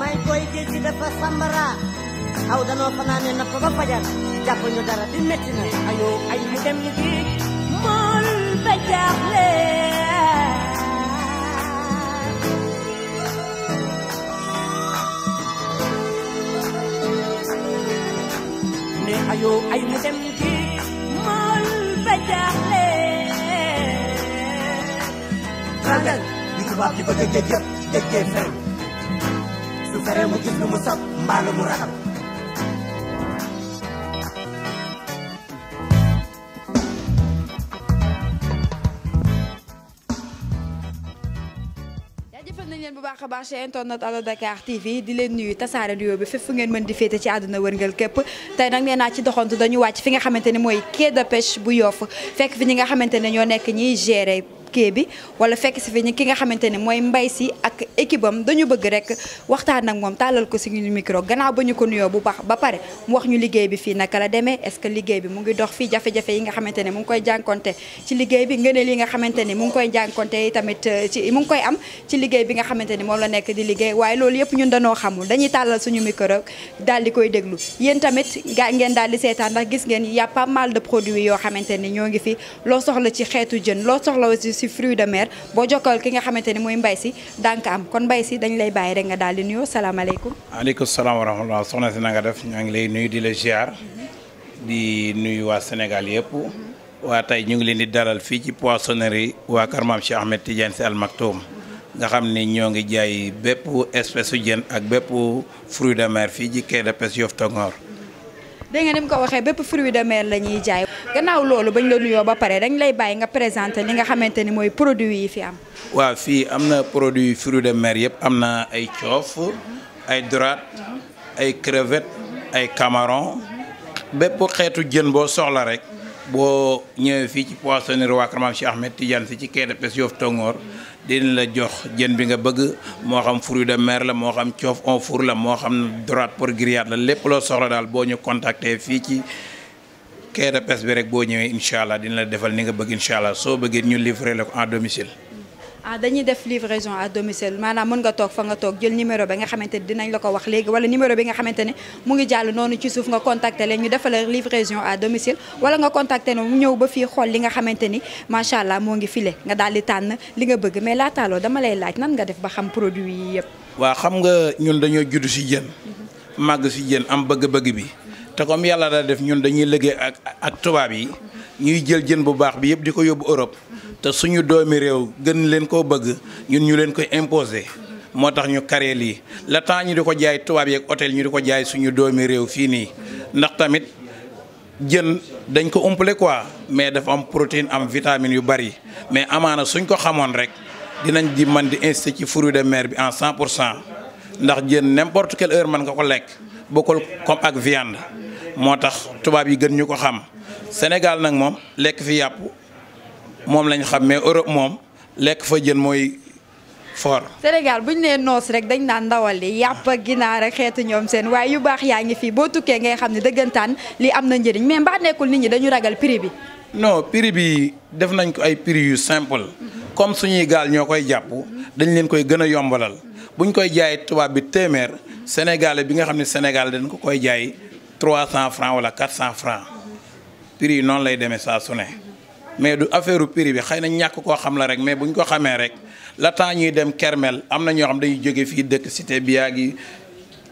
May koyiti ci dafa sambara aw danoo fanaane napp ba fajar jàpp ñu dara di metti na ayo ay ay dem ñu géej mool ne ayo ay mu dem ñu géej mool ba di bëgg a géej yëpp géej fen tere mu gis lu mu baax a baax ci internet Allo Dakar TV di leen nuyu tasaare nuyoo bi fépp fu mën di féete ci àdduna wërngal képp tey nag nee naa ci doxantu dañu wàcc fi nga xamante ne mooy quai de pêche bu Yoff fekk fi ñi nga xamante ne ñoo nekk ñiy gérer kii bi wala fekk si fi ñi ki nga xamante ne mooy mbay si ak équipe am dañu bëgg rek waxtaan ak moom tàllal ko suñu micro gannaaw ba ñu ko nuyoo bu baax ba pare mu wax ñu liggéey bi fii naka la demee est-ce que liggéey bi mu ngi dox fii jafe-jafe yi nga xamante mu ngi koy jànkonte yi tamit euh, mu ngi koy am ci liggéey bi nga xamante moom la nekk di liggéey waaye loolu yëpp ñun danoo xamul dañuy tàllal suñu micro daal koy déglu yéen tamit ngeen daal di y a pas mal de produits yoo xamante ne ñoo si fruit de mer boo jokkool ki nga xamante ni mooy mbay si dànk am kon mbay si dañ lay bàyyi rek nga daal di nuyoo salaamaaleykum. aleykum salaam wa rahmatullah. soxna si na nga def ñaa lay nuyu di la ziar. di nuyu waa Sénégal yëpp. waa tey ñu ngi leen di dalal fii ci poissonnerie waa Kër Maam Cheikh Ahmed Tidiane Sy Al Maktoum nga xam ni ñoo ngi jaay bépp espèce su ak bépp fruit de mer fii ci quai de pêche Yoff Tongor dégg nga ni mu ko waxee bépp fruit de mer la jaay. gannaaw loolu bañ la nuyoo ba pare dañ lay bàyyi nga présenté li nga xamante ni mooy produit yi fi am. waaw fii am na produit fruit de mer yëpp am na ay coof ay dorade ay crevette ay camaron bépp xeetu jën boo soxla rek boo ñëwee fii ci poissonnerie waa Kër Maam Cheikh Ahmed Tidiane ci quai de pêche Yoff Tongoor dinañ la jox jën bi nga bëgg moo xam fruit de mer la moo xam coof on four la moo xam dorade pour grillade la lépp loo soxla daal boo ñu contacter fii ci quai de bi rek boo ñëwee incha allah dina la defal ni nga bëgg incha allah soo bëggee ñu livrer la ko en domicile. ah dañuy def livraison à domicile maanaam mën nga toog fa nga toog jël numéro bi nga xamante ne dinañ la ko wax léegi wala numéro bi nga xamante ne mu ngi jàll noonu ci suuf nga contacter leen ñu defal la livraison à domicile wala nga contacter ne mu ñëw ba fii xool li nga xamante ni macha allah moo ngi file nga daal di tànn li nga bëgg mais laataaloo dama lay laaj nan nga def ba xam produit yi yëpp. waaw xam nga ñun dañoo juddu si jën. màgg si jën am bëgg-bëgg bi. te comme yàlla daa def ñun dañuy liggéey ak ak tubaab yi. ñuy jël jën bu baax bi yëpp di ko yóbbu Europe te suñu doomi réew gën leen ko bëgg ñun ñu leen koy imposer. moo tax ñu karee lii la temps ñu di ko jaay tubaab yeeg hôtel ñu di ko jaay suñu doomi réew fii nii ndax tamit jën dañ ko umpale quoi mais dafa am protéine am vitamine yu bari mais amaana suñ ko xamoon rek dinañ di man di incité ci fruit de mer bi en cent pour cent ndax jën n'importe quelle heure mën nga ko lekk bokkul comme ak viande moo tax tubaab yi gën ñu ko xam Sénégal nag moom lekk fi yàpp moom lañ xam mais Europe moom lekk fa jën mooy fort. Sénégal bu ñu nee noos rek dañ naan ndawal li yàpp ak ginaar ak xeetu ñoom seen waaye yu baax yaa ngi fii boo tukkee ngay xam ne dëggantaan lii am na njëriñ mais mbaa nekkul nit ñi dañu ragal prix bi. no prix bi def nañ ko ay prix yu simple comme suñuy gaal ñoo koy jàpp dañ leen koy gën a yombalal buñ koy jaay tubaab bi téeméer sénégalais bi nga xam ne Sénégal dañ ko koy jaay 300 francs wala 400 francs prix yi noonu lay demee saa mais du affaire prix bi xëy na ñàkk koo xam la rek mais bu ñu ko xamee rek la ñuy dem Kermel am na ñoo xam dañuy jóge fii dëkk cité biyaa gi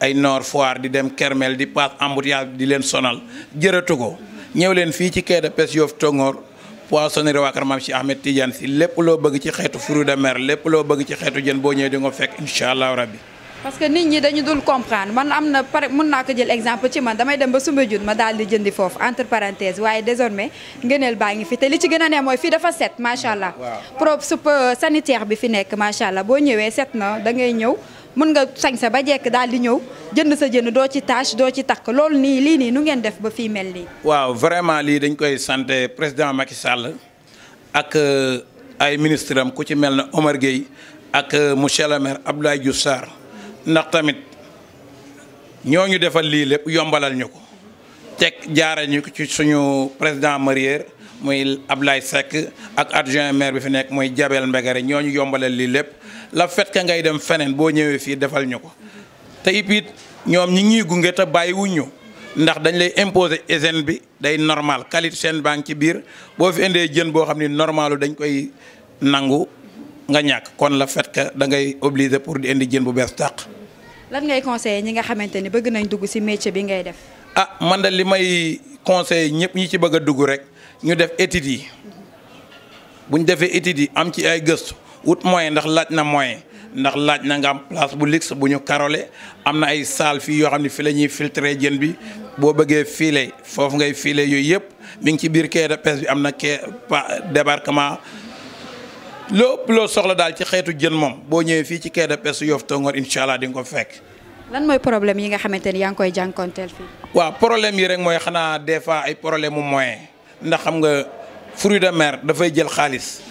ay Nord Foire di dem Kermel di paas embouteillage di leen sonal jërëtu ko ñëw leen fii ci quai de pêche Yoff Tongoor poissonnerie waa Kër Maam si Ahmed Tidiane si lépp loo bëgg ci xeetu fruits de mer lépp loo bëgg ci xeetu jën boo ñëwee di nga fekk incha allah rabbi parce que nit ñi dañu dul comprendre man am na pare mun naa ko jël exemple ci man damay dem ba Soumbédioune ma daal di jëndi foofu entre parenthèse waaye désormais ngëneel baa ngi fi te li ci gën a ne mooy fii dafa set macha allah. propre super euh, sanitaire bi fi nekk macha allah boo ñëwee set na da ngay ñëw. mun nga sañ sa ba jekk daal di ñëw jënd sa jënd doo ci tâche doo ci takk loolu nii lii nii nu ngeen def ba fii mel nii. waaw vraiment lii dañ koy sante président Macky Sall ak euh, ay ministre am ku ci mel ne Omar Gueye ak euh, monsieur le maire Abdoulaye Diouf ndax tamit ñooñu defal lii lépp yombalal ñu ko teg jaara ñu ko ci suñu président marier muy Ablaye Seck ak adjoint maire bi fi nekk muy Jabel Mbegere ñooñu yombalal lii lépp la fait que ngay dem feneen boo ñëwee fii defal ñu ko te it ñoom ñi ngi gunge te bàyyiwuñ ndax dañ lay imposer hygiène bi day normal qualité seen baa ngi ci biir boo fi indee jën boo xam ni normalu dañ koy nangu nga ñak kon la fait que da ngay obligé pour di indi jeun bu bees tak lan ngay conseillé ñi nga xamanteni bëgg nañ dugg ci métier bi ngay def. ah man da limay may ñepp ñi ci bëgg dugg rek ñu def étude yi buñ défé étude yi am ci ay geust wut moyen ndax laaj na moy ndax laaj na nga am place bu luxe buñu carolé karole ay salle fi yo xamni fi lañuy filtrer jeun bi bo bëggé filé fofu ngay filé yoy yépp mi ngi ci biir quai de bi amna débarquement loo ëpp loo soxla daal ci xeetu jën moom boo ñëwee fii ci quai de pêche Yoff Tongoor incha allah di ko fekk. lan mooy problème yi nga xamante ni yaa koy jànkonteel fii. waaw problème yi rek mooy xanaa des fois ay problème mu moyen ndax xam nga fruit de mer dafay jël xaalis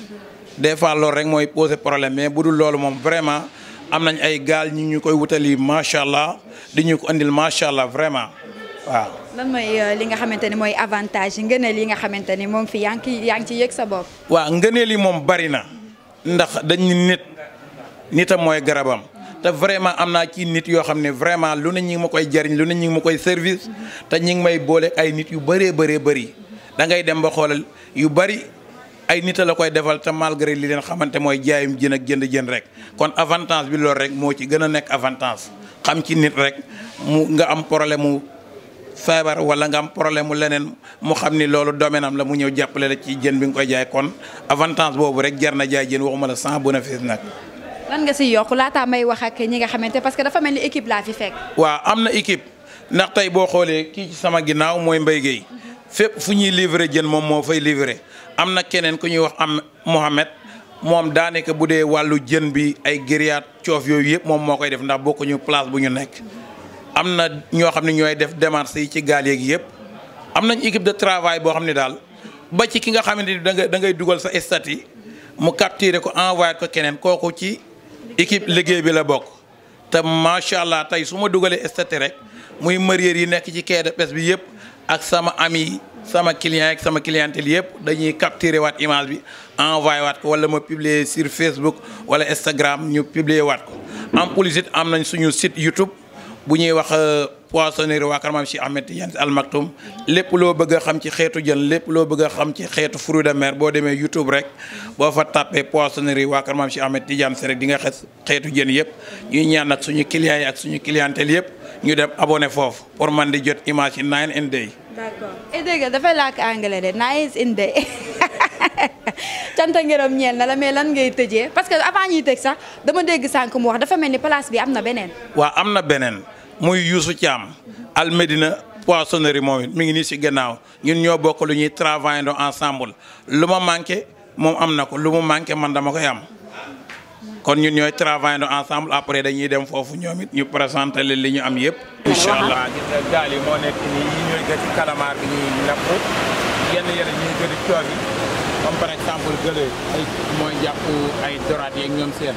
des fois loolu rek mooy poser problème mais bu loolu moom vraiment am nañ ay gaal ñu ñu koy wutali macha allah di ko andil macha allah vraiment. waaw lan mooy euh, li nga xamante ni mooy avantage ngëneel yi nga xamante ni moom fi yaa yaa ngi ci yëg sa bopp. waaw ngëneel yi moom bari na ndax dañ nit nitam mooy garabam te vraiment am naa ci nit yoo xam ne vraiment lu ne ñi ma koy jariñ lu ne ñi ma koy service te ñi ngi may boole ay nit yu bëree bëree bëri da ngay dem ba xoolal yu bëri ay nit a la koy defal te malgré li leen xamante mooy jaayum jën ak jënd jën rek kon avantage bi loolu rek moo ci gën a nekk avantage xam ci nit rek mu nga am problème mu feebar wala nga am problème mu leneen mu xam ni loolu domaine am la mu ñëw jàppale la ci jën bi nga koy jaay kon avantage boobu rek jar na jaay jën waxuma la sans bénéfice nag. lan nga si yokk laataa may wax ak ñi nga xamante parce que dafa mel ni équipe laa fi fekk. waa am na équipe ndax tey boo xoolee kii ci sama ginnaaw mooy Mbaye Guèye fépp fu ñuy livrer jën moom moo fay livrer am na keneen ku ñuy wax am Mohamed. moom daanaka bu dee wàllu jën bi ay giriyaat coof yooyu yëpp moom moo koy def ndax bokkuñu place bu ñu nekk am na ñoo xam ne ñooy def démarches yi ci gaal yéeg yëpp am nañ équipe de travail boo xam ne daal ba ci ki nga xamante ni da ngay da ngay dugal sa statut mu capturer ko envoyé ko keneen kooku ci équipe liggéey bi la bokk te macha allah tey su ma dugalee statut rek muy marier yi nekk ci quai de bi yëpp ak sama ami sama client ak sama clientèle yëpp dañuy capturer waat image bi envoyé waat ko wala ma publier sur Facebook wala Instagram ñu publier waat ko am nañ suñu site YouTube. bu ñuy wax euh, poissonnerie waa Kër Maam Cheikh Ahmed Tidiane Al lépp loo bëgg xam ci xeetu jën lépp loo bëgg a xam ci xeetu fruits de mer boo demee YouTube rek boo fa tàppee poissonnerie waa Kër Maam Cheikh Ahmed Tidiane si rek di nga xes xeetu jën yëpp ñuy ñaan suñu clients ak suñu clientèle yëpp ñu dem abonné foofu pour man di jot image yi nine and day. d'accord et dafay làkk anglais de nine and day canta ngërëm ñeel na la mais lan ngay tëjee parce que avant ñuy tëj sax dama dégg sànq mu wax dafa mel ni place bi am na beneen. waaw am na beneen. muy Youssou Thiam Al Medina poissonnerie moom it mi ngi nii si gannaaw ñun ñoo bokk lu ñuy travaillandoo ensemble lu ma manqué moom am na ko lu mu manqué man dama koy am. kon ñun ñooy travaillandoo ensemble après dañuy dem foofu ñoom it ñu présenté leen li ñu am yëpp. incha allah gaal moo nekk nii ñooy gën ci bi ñuy napp yenn ay doraat yeeg ñoom seen.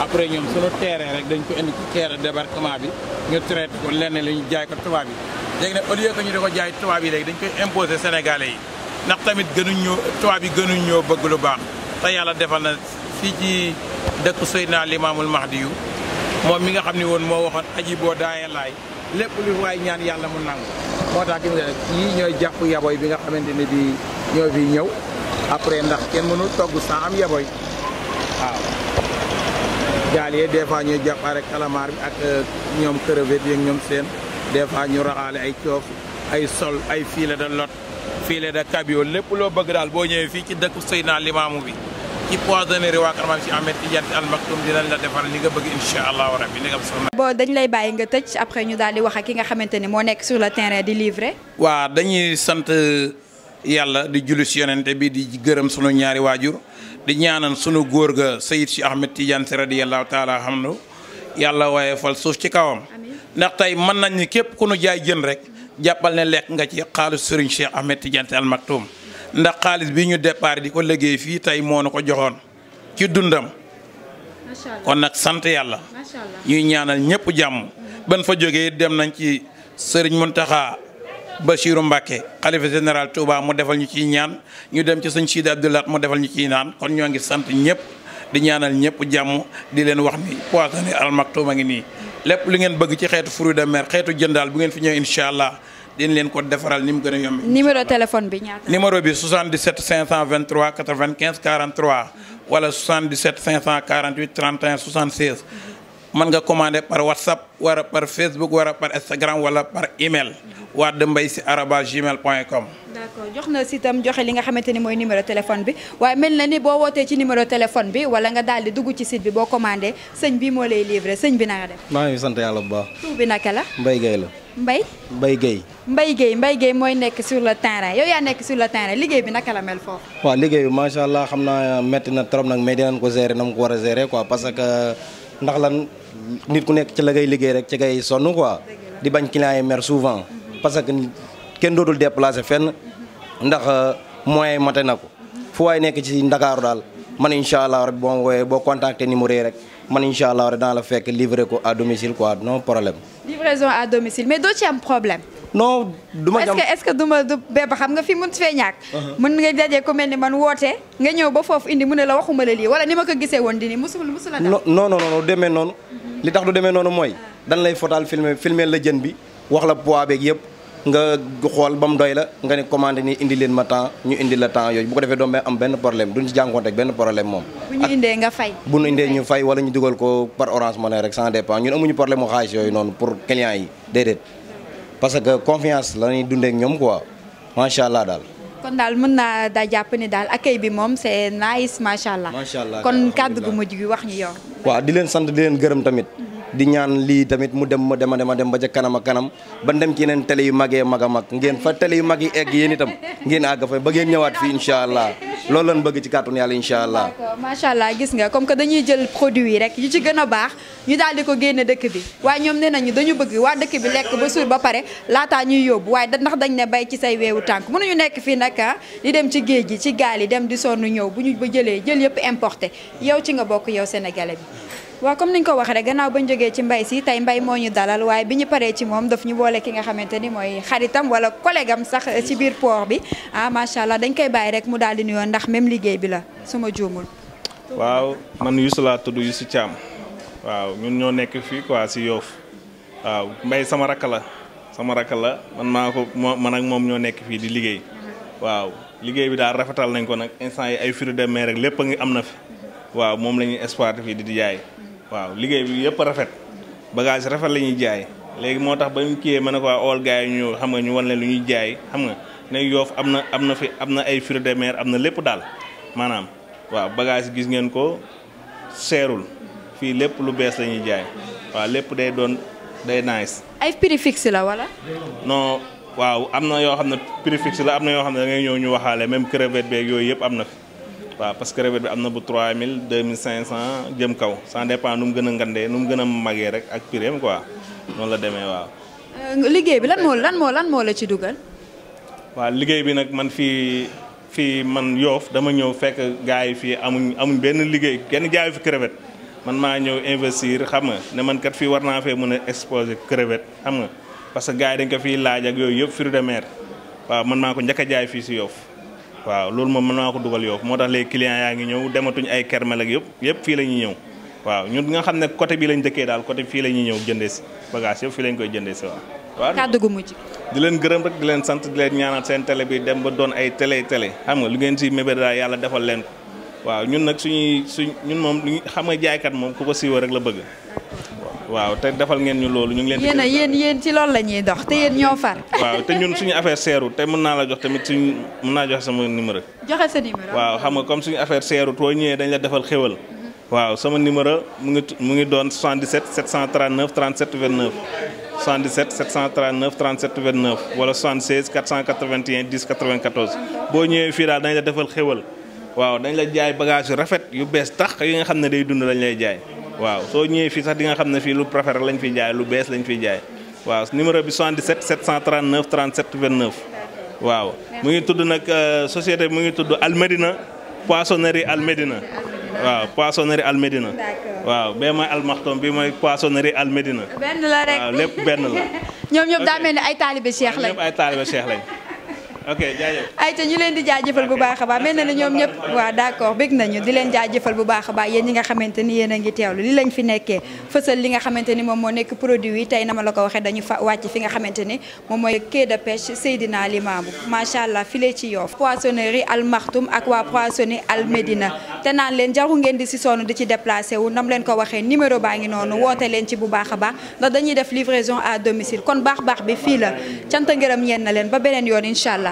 après ñoom suñu terrain rek dañ ko indi ci terrain débarquement bi ñu traité ko lenn li ñu jaay ko tubaab yi léegi nag au lieu que ñu di jaay tubaab yi léegi dañ koy imposer sénégalais yi ndax tamit gënuñ ñoo tubaab yi gënuñ ñoo bëgg lu baax te yàlla defal na fii ci dëkk Seydina Limaamul Mahdi yu moom mi nga xam ne woon moo waxoon aji boo daaya lépp lu waay ñaan yàlla mu nangu moo tax gis nga yii ñooy jàpp yaboy bi nga xamante ne bii ñoo fi ñëw après ndax kenn mënu togg sans am yaboy gaal yi des fois ñuy jàpp rek calamar bi ak euh, ñoom crevettes yi ñoom seen des fois ñu raxaale ay coof ay sol ay filet de lot filet de cabillaud lépp loo bëgg daal boo ñëwee fii ci dëkk Seydina Limaamu bi ci poissonnerie waa Kër Maam si Ahmed Tidiane Al Maktoum dinañ la defar li nga bëgg incha allahu rabi li nga dañ lay bàyyi nga tëj après ñu daal di wax ak ki nga xamante ni moo nekk sur le terrain di livrer. waa dañuy sant yàlla di julli si yonante bi di gërëm sunu ñaari waajur. di ñaanal sunu góor ga Sayid si Ahmed Tidiane si radiyallahu taala hamdu yàlla waaye fal suuf ci kawam ndax tey mën nañ ni képp ku nu jaay jën rek jàppal ne lekk nga ci xaalis Serigne Cheikh Ahmed Tidiane Al Maktoum ndax xaalis bi ñu départ di ko liggéey fii tey moo nu ko joxoon ci dundam kon nag sant yàlla ñuy ñaanal ñëpp jàmm ban fa jógee dem nañ ci Serigne Mountakha Bachirou Mbacke xalifa général Touba mu defal ñu ci ñaan ñu dem ci sëñ Sidi Abdoulaat mu defal ñu ciy naan kon ñoo ngi sant ñëpp di ñaanal ñëpp jàmm di leen wax ni poissonné Al Maktoum a ngi nii. lépp lu ngeen bëgg ci xeetu fruit de mer xeetu jëndaal bu ngeen fi ñëw incha allah dinañ leen ko defaral ni mu gën a yomb. numéro téléphone bi ñaata. numéro bi 77 523 95 43 wala 77 548 31 76. mën nga commandé par whatsapp wala par facebook wala par instagram wala par email waa mbay si araba gmail point d'accord jox na si itam joxe li nga xamante ni mooy numéro téléphone bi waaye mel na ni boo wootee ci numéro téléphone bi wala nga daal di dugg ci site bi boo commandé sëñ bi moo lay livré sëñ bi na nga def maa ngi sant yàlla bu baax tur bi naka la Mbaye Gueye la Mbaye Mbaye Gueye Mbaye Gueye Mbaye mooy nekk sur le terrain yow yaa nekk sur le terrain liggéey bi naka la mel foofu waaw liggéey na trop nag mais dinañ ko gérer na mu ko war a que ndax lan nit ku nekk ci la ngay liggéey rek ci ngay sonn quoi di bañ client mer souvent parce que kenn dootul déplacé fenn ndax euh, moyen yi mate na ko fu waay nekk ci Ndakaaru daal man incha allah rek boo wooyee boo contacté numéro yi rek man incha allah rek dana la fekk livrer ko à domicile quoi non problème. doo ci am problème. non du ma. est-ce que est-ce que du ma du xam nga fi mun fee ñàkk. Uh-huh. mën nga daje ku mel ni man woote nga ñëw ba foofu indi mu ne la waxuma wala ni ma ko gisee woon di ni demee noonu. li tax du démé nonu moy dan lay fotal filmer filmer la jeun bi wax la poids beeg yëpp nga xol bam doy la nga ni commandé ni indi len ma temps ñu indi la temps yoy bu ko defee doom am benn problème duñ ci jangonté benn problème mom bu ñu indé nga fay. bu ñu indé ñu fay wala ñu duggal ko par Orange monnaie rek sans dépend ñun amuñu problème mu yoy non pour client yi dédét parce que confiance la ñi dundé ak quoi machallah dal kon dal mën na da japp ni dal accueil bi mom c'est nice machallah kon kàddu gu mujj gi wax ñu yow. waaw di leen sant di leen gërëm tamit di ñaan lii tamit mu dem ma dem a dem ba ca kanam a kanam ba dem ci yeneen télé yu magee mag a mag ngeen fa télé yu mag yi egg yéen itam ngeen àgg fa ba ngeen ñëwaat fii incha allah loolu lañ bëgg ci kàttanu yàlla incha allah. macha allah gis nga comme que dañuy jël produit yi rek yi ci gën a baax ñu daal di ko génne dëkk bi waaye ñoom nee nañu dañu bëgg waa dëkk bi lekk ba suur ba pare laataa ñuy yóbbu waaye ndax dañ ne bay ci say weewu tànk mënuñu nekk fii nag ah, di dem ci géej gi ci gaal yi dem di sonn ñëw bu ñu ba jëlee jël yëpp importé yow ci nga bokk yow sénégalais waaw comme niñ ko waxee rek gannaaw bañ jógee ci mbay si tey mbay moo ñu dalal waaye bi ñu paree ci moom daf ñu boole ki nga xamante ni mooy xaritam wala collègue am sax ci biir port bi ah macha allah dañ koy bàyyi rek mu daal di nuyoo ndax même liggéey bi la suma juumul. waaw man Youssou laa tudd Youssou Thiam waaw ñun ñoo nekk fii quoi si yoof waaw mbay sama rakk la sama rakk la man maa ko man ak moom ñoo nekk fii di liggéey waaw liggéey bi daal rafetal nañ ko nag instant ay fruits de mer rek lépp a am na fi waaw moom la ñuy exploité fii di di jaay. waaw liggéey bi yëpp rafet bagage rafet la ñuy jaay léegi moo tax ba ñu kiiyee ma ne ko waa ool yi ñu xam nga ñu wan lu ñuy jaay xam nga yoof am na am na fi am na ay fruits de mer am na lépp daal maanaam waaw bagage gis ngeen ko seerul fii lépp lu bees la ñuy jaay waaw lépp day doon day nice. ay prix fixe la wala. non waaw am na yoo xam ne prix fixe la am na yoo xam ne da ngay ñëw ñu waxaale même crevette beeg yooyu yëpp am na fi. waaw parce que revêt bi am na bu 3000 cent jëm kaw ça dépend nu mu gën a ngandee nu mu gën a magee rek ak prix am quoi noonu la demee waaw. Euh, liggéey bi lan moo lan moo la ci dugal. waaw liggéey bi nag man fii fii man yoof dama ñëw fekk gars yi fii amuñ amuñ benn liggéey kenn jaayu fi crevette man maa ñëw investir xam nga ne man kat fii war naa fee mën a exposer crevette xam nga parce que gars yi dañ ko fiy laaj ak yooyu yëpp fruits de mer waaw man maa ko njëkk jaay fii si yoof waaw loolu moom mën naa ko dugal yoof moo tax les clients yaa ngi ñëw dematuñ ay kermel ak yëpp yëpp fii la ñuy ñëw waaw ñun nga xam ne côté bi lañ dëkkee daal côté fii la ñuy ñëw jëndee si bagage yëpp fii lañ koy jëndee si waaw. waaw kàddu gu mujj. di leen gërëm rek di leen sant di leen ñaanal seen tele bi dem ba doon ay tele tele xam nga lu ngeen si mébét daal yàlla defal leen ko waaw ñun nag suñuy suñ ñun moom xam nga jaaykat moom ku ko siiwee rek la bëgg waaw te defal ngeen ñu loolu ñu ngi leen. yéen a yéen yéen ci loolu la ñuy dox te yéen ñoo far. waaw te ñun suñu affaire seeru te mën naa la jox tamit suñ mën naa joxe sama numéro. joxe sa numéro waaw xam nga comme suñu affaire seerut too ñëwee dañ la defal xéwal. waaw sama numéro mu ngi mu ngi doon 77 739 37 29 77 739 37 29 wala 76 481 10 94 boo ñëwee fii daal dañ la defal xéwal waaw dañ la jaay bagage yu rafet yu bees tax yi nga xam ne day dund lañ lay jaay. waaw soo ñëwee fii sax di nga xam ne fii lu préféré lañ fi jaay lu bees lañ fi jaay waaw numéro bi 77 739 37 29 waaw mu ngi tudd nag euh, société mu ngi tudd Almedina poissonnerie Almedina waaw poissonnerie Almedina waaw bee mooy almaxtom bi mooy poissonnerie Almedina benn la rek waaw lépp benn la ñoom ñëpp daa mel ni ay talibé cheikh lañ ñëpp ay talibé cheikh lañ ok jaajëf ñu leen di jëfal bu baax a baax mel na ne ñoom ñëpp waa d'accord bég nañu di leen jaajëfal bu baax a baax yéen ñi nga xamante ni yéen a ngi teewlu li lañ fi nekkee fësal li nga xamante ni moom moo nekk produit yi tey na ma la ko waxee dañu fa wàcc fi nga xamante ni moom mooy quai de pêche Seydina Limamou macha allah file ci Yoff poissonnerie Al Maktoum ak waa poissonnerie Al Medina te naan leen jaru ngeen di si sonn di ci déplacé wu nam leen ko waxee numéro baa ngi noonu woote leen ci bu a baax dañuy def livraison à domicile kon baax baax bi fii la cant ngërëm ñeen na leen ba beneen yoon allah